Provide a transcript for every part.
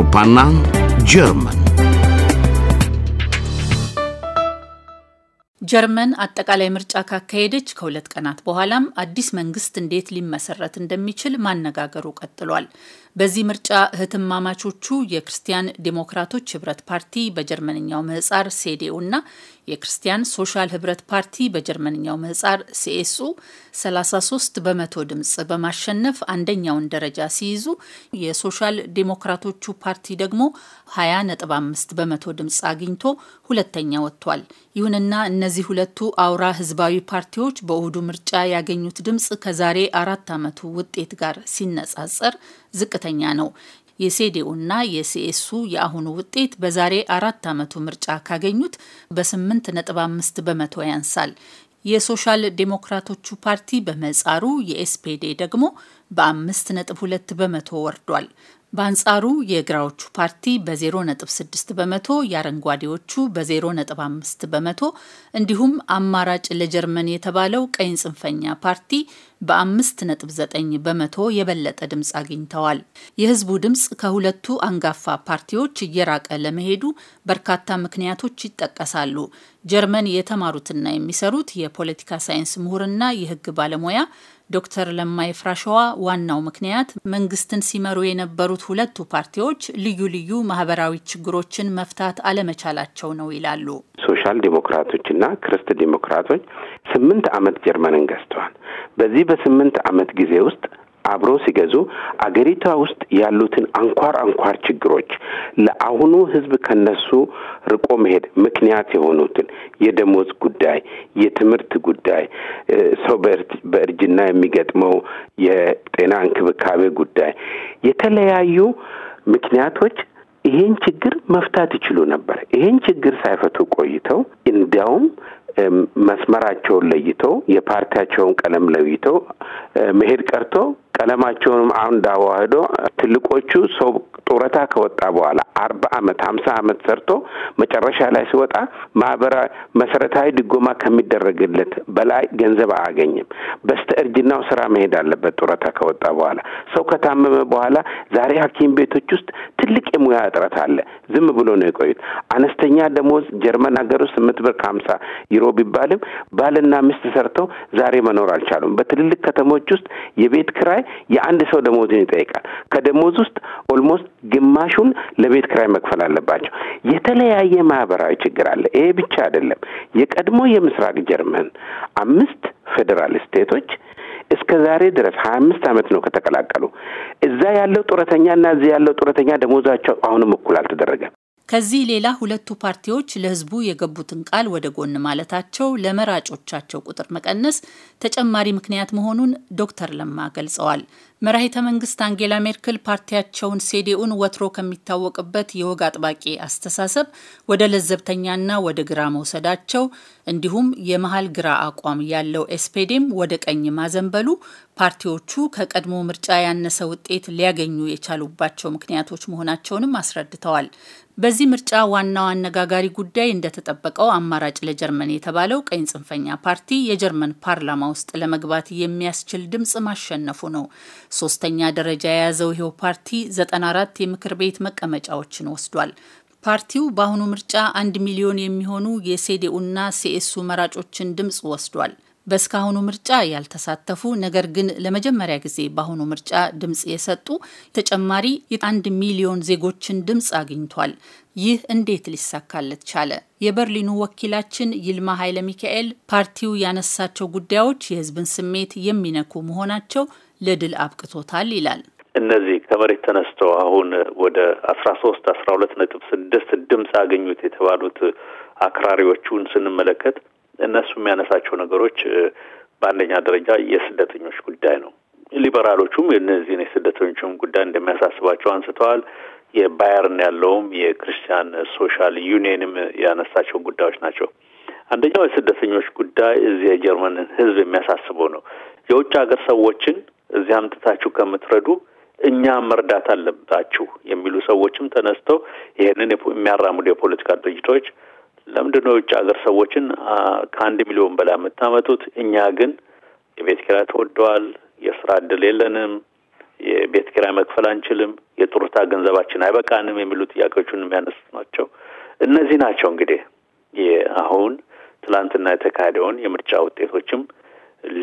አውሮፓና ጀርመን ጀርመን አጠቃላይ ምርጫ ካካሄደች ከሁለት ቀናት በኋላም አዲስ መንግስት እንዴት ሊመሰረት እንደሚችል ማነጋገሩ ቀጥሏል። በዚህ ምርጫ እህትማማቾቹ የክርስቲያን ዴሞክራቶች ህብረት ፓርቲ በጀርመንኛው ምህጻር ሴዴኡ እና የክርስቲያን ሶሻል ህብረት ፓርቲ በጀርመንኛው ምህጻር ሲኤስኡ 33 በመቶ ድምፅ በማሸነፍ አንደኛውን ደረጃ ሲይዙ የሶሻል ዴሞክራቶቹ ፓርቲ ደግሞ 20.5 በመቶ ድምፅ አግኝቶ ሁለተኛ ወጥቷል። ይሁንና እነዚህ ሁለቱ አውራ ህዝባዊ ፓርቲዎች በእሁዱ ምርጫ ያገኙት ድምፅ ከዛሬ አራት ዓመቱ ውጤት ጋር ሲነጻጸር ዝቅ ዝቅተኛ ነው። የሴዴኡና የሲኤሱ የአሁኑ ውጤት በዛሬ አራት ዓመቱ ምርጫ ካገኙት በስምንት ነጥብ አምስት በመቶ ያንሳል። የሶሻል ዴሞክራቶቹ ፓርቲ በመጻሩ የኤስፔዴ ደግሞ በአምስት ነጥብ ሁለት በመቶ ወርዷል። በአንጻሩ የግራዎቹ ፓርቲ በ0.6 በመቶ የአረንጓዴዎቹ በ0.5 በመቶ እንዲሁም አማራጭ ለጀርመን የተባለው ቀኝ ጽንፈኛ ፓርቲ በ5.9 በመቶ የበለጠ ድምፅ አግኝተዋል። የህዝቡ ድምፅ ከሁለቱ አንጋፋ ፓርቲዎች እየራቀ ለመሄዱ በርካታ ምክንያቶች ይጠቀሳሉ። ጀርመን የተማሩትና የሚሰሩት የፖለቲካ ሳይንስ ምሁርና የህግ ባለሙያ ዶክተር ለማይ ፍራሸዋ ዋናው ምክንያት መንግስትን ሲመሩ የነበሩት ሁለቱ ፓርቲዎች ልዩ ልዩ ማህበራዊ ችግሮችን መፍታት አለመቻላቸው ነው ይላሉ። ሶሻል ዲሞክራቶችና ክርስት ዲሞክራቶች ስምንት አመት ጀርመንን ገዝተዋል። በዚህ በስምንት አመት ጊዜ ውስጥ አብሮ ሲገዙ አገሪቷ ውስጥ ያሉትን አንኳር አንኳር ችግሮች ለአሁኑ ህዝብ ከነሱ ርቆ መሄድ ምክንያት የሆኑትን የደሞዝ ጉዳይ፣ የትምህርት ጉዳይ፣ ሰው በእርጅና የሚገጥመው የጤና እንክብካቤ ጉዳይ፣ የተለያዩ ምክንያቶች ይሄን ችግር መፍታት ይችሉ ነበር። ይሄን ችግር ሳይፈቱ ቆይተው እንዲያውም መስመራቸውን ለይተው የፓርቲያቸውን ቀለም ለይተው መሄድ ቀርቶ ቀለማቸውንም አንድ አዋህዶ ትልቆቹ ሰው ጡረታ ከወጣ በኋላ አርባ አመት ሀምሳ አመት ሰርቶ መጨረሻ ላይ ሲወጣ ማህበራዊ መሰረታዊ ድጎማ ከሚደረግለት በላይ ገንዘብ አያገኝም። በስተ እርጅናው ስራ መሄድ አለበት። ጡረታ ከወጣ በኋላ ሰው ከታመመ በኋላ ዛሬ ሐኪም ቤቶች ውስጥ ትልቅ የሙያ እጥረት አለ። ዝም ብሎ ነው የቆዩት። አነስተኛ ደሞዝ ጀርመን ሀገር ውስጥ ስምንት ብር ከሀምሳ ዩሮ ቢባልም ባልና ሚስት ሰርተው ዛሬ መኖር አልቻሉም። በትልልቅ ከተሞች ውስጥ የቤት ክራይ የአንድ ሰው ደሞዝን ይጠይቃል። ከደሞዝ ውስጥ ኦልሞስት ግማሹን ለቤት ክራይ መክፈል አለባቸው። የተለያየ ማህበራዊ ችግር አለ። ይሄ ብቻ አይደለም። የቀድሞ የምስራቅ ጀርመን አምስት ፌዴራል ስቴቶች እስከ ዛሬ ድረስ ሀያ አምስት ዓመት ነው ከተቀላቀሉ። እዛ ያለው ጡረተኛ እና እዚህ ያለው ጡረተኛ ደሞዛቸው አሁንም እኩል አልተደረገም። ከዚህ ሌላ ሁለቱ ፓርቲዎች ለህዝቡ የገቡትን ቃል ወደ ጎን ማለታቸው ለመራጮቻቸው ቁጥር መቀነስ ተጨማሪ ምክንያት መሆኑን ዶክተር ለማ ገልጸዋል። መራሄተ መንግስት አንጌላ ሜርክል ፓርቲያቸውን ሴዴኡን ወትሮ ከሚታወቅበት የወግ አጥባቂ አስተሳሰብ ወደ ለዘብተኛና ወደ ግራ መውሰዳቸው እንዲሁም የመሀል ግራ አቋም ያለው ኤስፔዴም ወደ ቀኝ ማዘንበሉ ፓርቲዎቹ ከቀድሞ ምርጫ ያነሰ ውጤት ሊያገኙ የቻሉባቸው ምክንያቶች መሆናቸውንም አስረድተዋል። በዚህ ምርጫ ዋናው አነጋጋሪ ጉዳይ እንደተጠበቀው አማራጭ ለጀርመን የተባለው ቀኝ ጽንፈኛ ፓርቲ የጀርመን ፓርላማ ውስጥ ለመግባት የሚያስችል ድምፅ ማሸነፉ ነው። ሶስተኛ ደረጃ የያዘው ይኸው ፓርቲ 94 የምክር ቤት መቀመጫዎችን ወስዷል። ፓርቲው በአሁኑ ምርጫ አንድ ሚሊዮን የሚሆኑ የሴዴኡና ሲኤሱ መራጮችን ድምፅ ወስዷል። በእስካሁኑ ምርጫ ያልተሳተፉ ነገር ግን ለመጀመሪያ ጊዜ በአሁኑ ምርጫ ድምፅ የሰጡ ተጨማሪ የአንድ ሚሊዮን ዜጎችን ድምፅ አግኝቷል። ይህ እንዴት ሊሳካለት ቻለ? የበርሊኑ ወኪላችን ይልማ ኃይለ ሚካኤል ፓርቲው ያነሳቸው ጉዳዮች የህዝብን ስሜት የሚነኩ መሆናቸው ለድል አብቅቶታል ይላል። እነዚህ ከመሬት ተነስተው አሁን ወደ አስራ ሶስት አስራ ሁለት ነጥብ ስድስት ድምፅ አገኙት የተባሉት አክራሪዎቹን ስንመለከት እነሱ የሚያነሳቸው ነገሮች በአንደኛ ደረጃ የስደተኞች ጉዳይ ነው። ሊበራሎቹም እነዚህን የስደተኞችም ጉዳይ እንደሚያሳስባቸው አንስተዋል። የባየርን ያለውም የክርስቲያን ሶሻል ዩኒየንም ያነሳቸው ጉዳዮች ናቸው። አንደኛው የስደተኞች ጉዳይ እዚህ የጀርመንን ሕዝብ የሚያሳስበው ነው። የውጭ ሀገር ሰዎችን እዚህ አምጥታችሁ ከምትረዱ እኛ መርዳት አለባችሁ የሚሉ ሰዎችም ተነስተው ይህንን የሚያራምዱ የፖለቲካ ድርጅቶች ለምንድነው የውጭ ሀገር ሰዎችን ከአንድ ሚሊዮን በላይ የምታመጡት? እኛ ግን የቤት ኪራይ ተወደዋል፣ የስራ እድል የለንም፣ የቤት ኪራይ መክፈል አንችልም፣ የጡርታ ገንዘባችን አይበቃንም የሚሉ ጥያቄዎቹን የሚያነሱት ናቸው። እነዚህ ናቸው እንግዲህ አሁን ትላንትና የተካሄደውን የምርጫ ውጤቶችም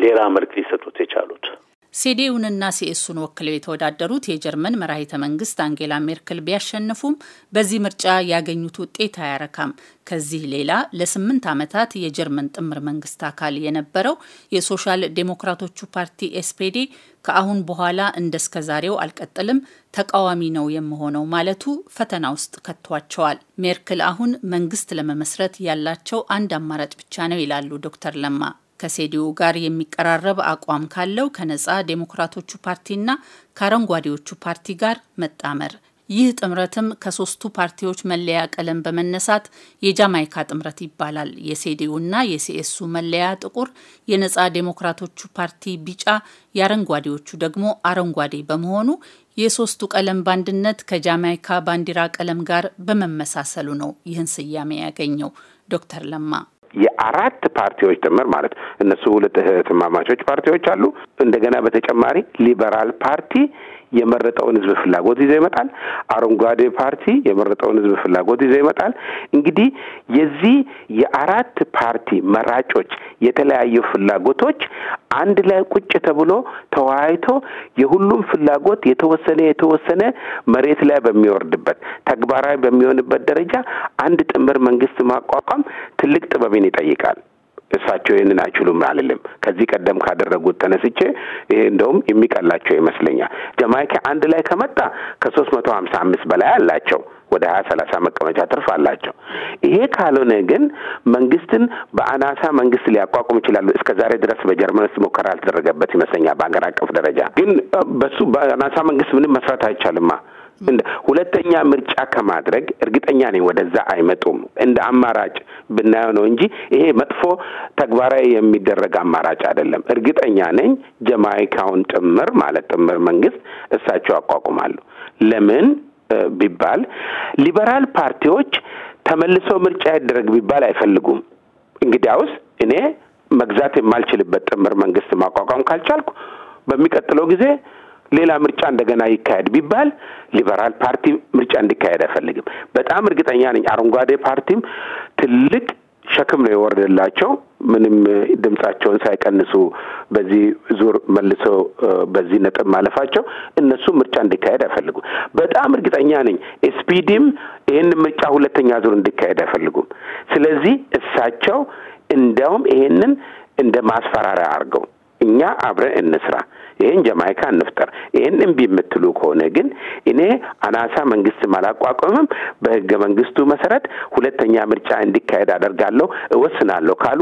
ሌላ መልክ ሊሰጡት የቻሉት። ሲዲዩንና ሲኤሱን ወክለው የተወዳደሩት የጀርመን መራሂተ መንግስት አንጌላ ሜርክል ቢያሸንፉም በዚህ ምርጫ ያገኙት ውጤት አያረካም። ከዚህ ሌላ ለስምንት ዓመታት የጀርመን ጥምር መንግስት አካል የነበረው የሶሻል ዴሞክራቶቹ ፓርቲ ኤስፔዴ ከአሁን በኋላ እንደ ዛሬው አልቀጥልም፣ ተቃዋሚ ነው የምሆነው ማለቱ ፈተና ውስጥ ከቷቸዋል። ሜርክል አሁን መንግስት ለመመስረት ያላቸው አንድ አማራጭ ብቻ ነው ይላሉ ዶክተር ለማ ከሴዲኡ ጋር የሚቀራረብ አቋም ካለው ከነጻ ዴሞክራቶቹ ፓርቲና ከአረንጓዴዎቹ ፓርቲ ጋር መጣመር ይህ ጥምረትም ከሶስቱ ፓርቲዎች መለያ ቀለም በመነሳት የጃማይካ ጥምረት ይባላል። የሴዲዩና የሲኤሱ መለያ ጥቁር፣ የነጻ ዴሞክራቶቹ ፓርቲ ቢጫ፣ የአረንጓዴዎቹ ደግሞ አረንጓዴ በመሆኑ የሶስቱ ቀለም ባንድነት ከጃማይካ ባንዲራ ቀለም ጋር በመመሳሰሉ ነው ይህን ስያሜ ያገኘው። ዶክተር ለማ የአራት ፓርቲዎች ጥምር ማለት እነሱ ሁለት እህትማማቾች ፓርቲዎች አሉ። እንደገና በተጨማሪ ሊበራል ፓርቲ የመረጠውን ህዝብ ፍላጎት ይዞ ይመጣል። አረንጓዴ ፓርቲ የመረጠውን ህዝብ ፍላጎት ይዞ ይመጣል። እንግዲህ የዚህ የአራት ፓርቲ መራጮች የተለያዩ ፍላጎቶች አንድ ላይ ቁጭ ተብሎ ተወያይቶ የሁሉም ፍላጎት የተወሰነ የተወሰነ መሬት ላይ በሚወርድበት ተግባራዊ በሚሆንበት ደረጃ አንድ ጥምር መንግስት ማቋቋም ትልቅ ጥበብን ይጠይቃል። እሳቸው ይህንን አይችሉም አልልም። ከዚህ ቀደም ካደረጉት ተነስቼ ይሄ እንደውም የሚቀላቸው ይመስለኛል። ጀማይካ አንድ ላይ ከመጣ ከሶስት መቶ ሀምሳ አምስት በላይ አላቸው። ወደ ሀያ ሰላሳ መቀመጫ ትርፍ አላቸው። ይሄ ካልሆነ ግን መንግስትን በአናሳ መንግስት ሊያቋቁም ይችላሉ። እስከ ዛሬ ድረስ በጀርመን ውስጥ ሙከራ አልተደረገበት ይመስለኛል። በሀገር አቀፍ ደረጃ ግን በሱ በአናሳ መንግስት ምንም መስራት አይቻልማ። ሁለተኛ ምርጫ ከማድረግ እርግጠኛ ነኝ ወደዛ አይመጡም። እንደ አማራጭ ብናየው ነው እንጂ ይሄ መጥፎ ተግባራዊ የሚደረግ አማራጭ አይደለም። እርግጠኛ ነኝ ጀማይካውን ጥምር ማለት ጥምር መንግስት እሳቸው ያቋቁማሉ። ለምን ቢባል ሊበራል ፓርቲዎች ተመልሶ ምርጫ ያደረግ ቢባል አይፈልጉም። እንግዲያውስ እኔ መግዛት የማልችልበት ጥምር መንግስት ማቋቋም ካልቻልኩ በሚቀጥለው ጊዜ ሌላ ምርጫ እንደገና ይካሄድ ቢባል ሊበራል ፓርቲ ምርጫ እንዲካሄድ አይፈልግም። በጣም እርግጠኛ ነኝ። አረንጓዴ ፓርቲም ትልቅ ሸክም ነው የወረደላቸው። ምንም ድምጻቸውን ሳይቀንሱ በዚህ ዙር መልሰው በዚህ ነጥብ ማለፋቸው እነሱ ምርጫ እንዲካሄድ አይፈልጉም። በጣም እርግጠኛ ነኝ ኤስፒዲም ይህን ምርጫ ሁለተኛ ዙር እንዲካሄድ አይፈልጉም። ስለዚህ እሳቸው እንዲያውም ይሄንን እንደ ማስፈራሪያ አድርገው እኛ አብረን እንስራ፣ ይህን ጀማይካ እንፍጠር። ይህን እምቢ የምትሉ ከሆነ ግን እኔ አናሳ መንግስትም አላቋቋምም፣ በህገ መንግስቱ መሰረት ሁለተኛ ምርጫ እንዲካሄድ አደርጋለሁ፣ እወስናለሁ ካሉ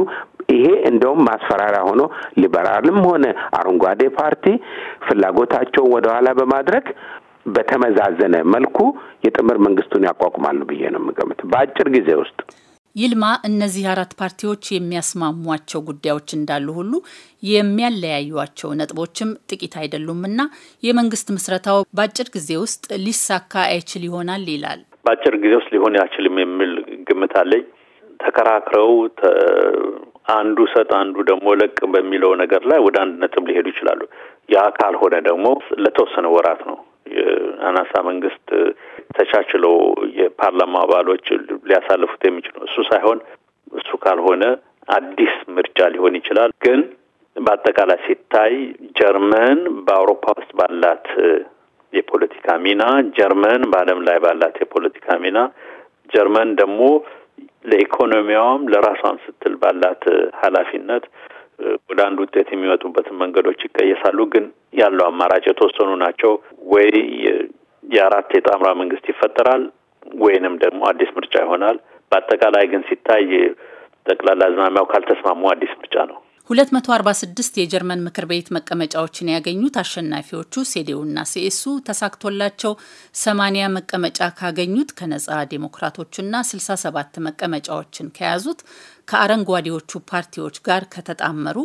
ይሄ እንደውም ማስፈራሪያ ሆኖ ሊበራልም ሆነ አረንጓዴ ፓርቲ ፍላጎታቸውን ወደኋላ በማድረግ በተመዛዘነ መልኩ የጥምር መንግስቱን ያቋቁማሉ ብዬ ነው የምገምት በአጭር ጊዜ ውስጥ። ይልማ እነዚህ አራት ፓርቲዎች የሚያስማሟቸው ጉዳዮች እንዳሉ ሁሉ የሚያለያዩቸው ነጥቦችም ጥቂት አይደሉምና የመንግስት ምስረታው በአጭር ጊዜ ውስጥ ሊሳካ አይችል ይሆናል ይላል። በአጭር ጊዜ ውስጥ ሊሆን አይችልም የሚል ግምት አለኝ። ተከራክረው አንዱ ሰጥ አንዱ ደግሞ ለቅ በሚለው ነገር ላይ ወደ አንድ ነጥብ ሊሄዱ ይችላሉ። ያ ካልሆነ ደግሞ ለተወሰነ ወራት ነው የአናሳ መንግስት ተቻችለው የፓርላማ አባሎች ሊያሳልፉት የሚችሉ እሱ ሳይሆን እሱ ካልሆነ አዲስ ምርጫ ሊሆን ይችላል። ግን በአጠቃላይ ሲታይ ጀርመን በአውሮፓ ውስጥ ባላት የፖለቲካ ሚና፣ ጀርመን በዓለም ላይ ባላት የፖለቲካ ሚና፣ ጀርመን ደግሞ ለኢኮኖሚዋም ለራሷም ስትል ባላት ኃላፊነት ወደ አንድ ውጤት የሚመጡበትን መንገዶች ይቀየሳሉ። ግን ያለው አማራጭ የተወሰኑ ናቸው። ወይ የአራት የጣምራ መንግስት ይፈጠራል ወይንም ደግሞ አዲስ ምርጫ ይሆናል። በአጠቃላይ ግን ሲታይ ጠቅላላ አዝማሚያው ካልተስማሙ አዲስ ምርጫ ነው። 246 የጀርመን ምክር ቤት መቀመጫዎችን ያገኙት አሸናፊዎቹ ሴዴውና ሲኤሱ ተሳክቶላቸው 80 መቀመጫ ካገኙት ከነጻ ዴሞክራቶቹና 67 መቀመጫዎችን ከያዙት ከአረንጓዴዎቹ ፓርቲዎች ጋር ከተጣመሩ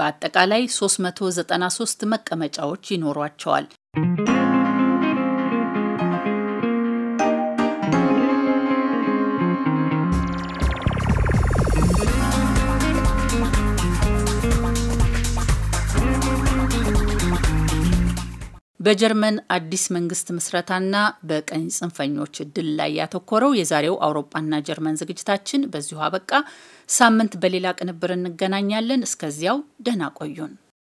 በአጠቃላይ 393 መቀመጫዎች ይኖሯቸዋል። በጀርመን አዲስ መንግስት ምስረታና በቀኝ ጽንፈኞች ድል ላይ ያተኮረው የዛሬው አውሮፓና ጀርመን ዝግጅታችን በዚሁ አበቃ። ሳምንት በሌላ ቅንብር እንገናኛለን። እስከዚያው ደህና ቆዩን።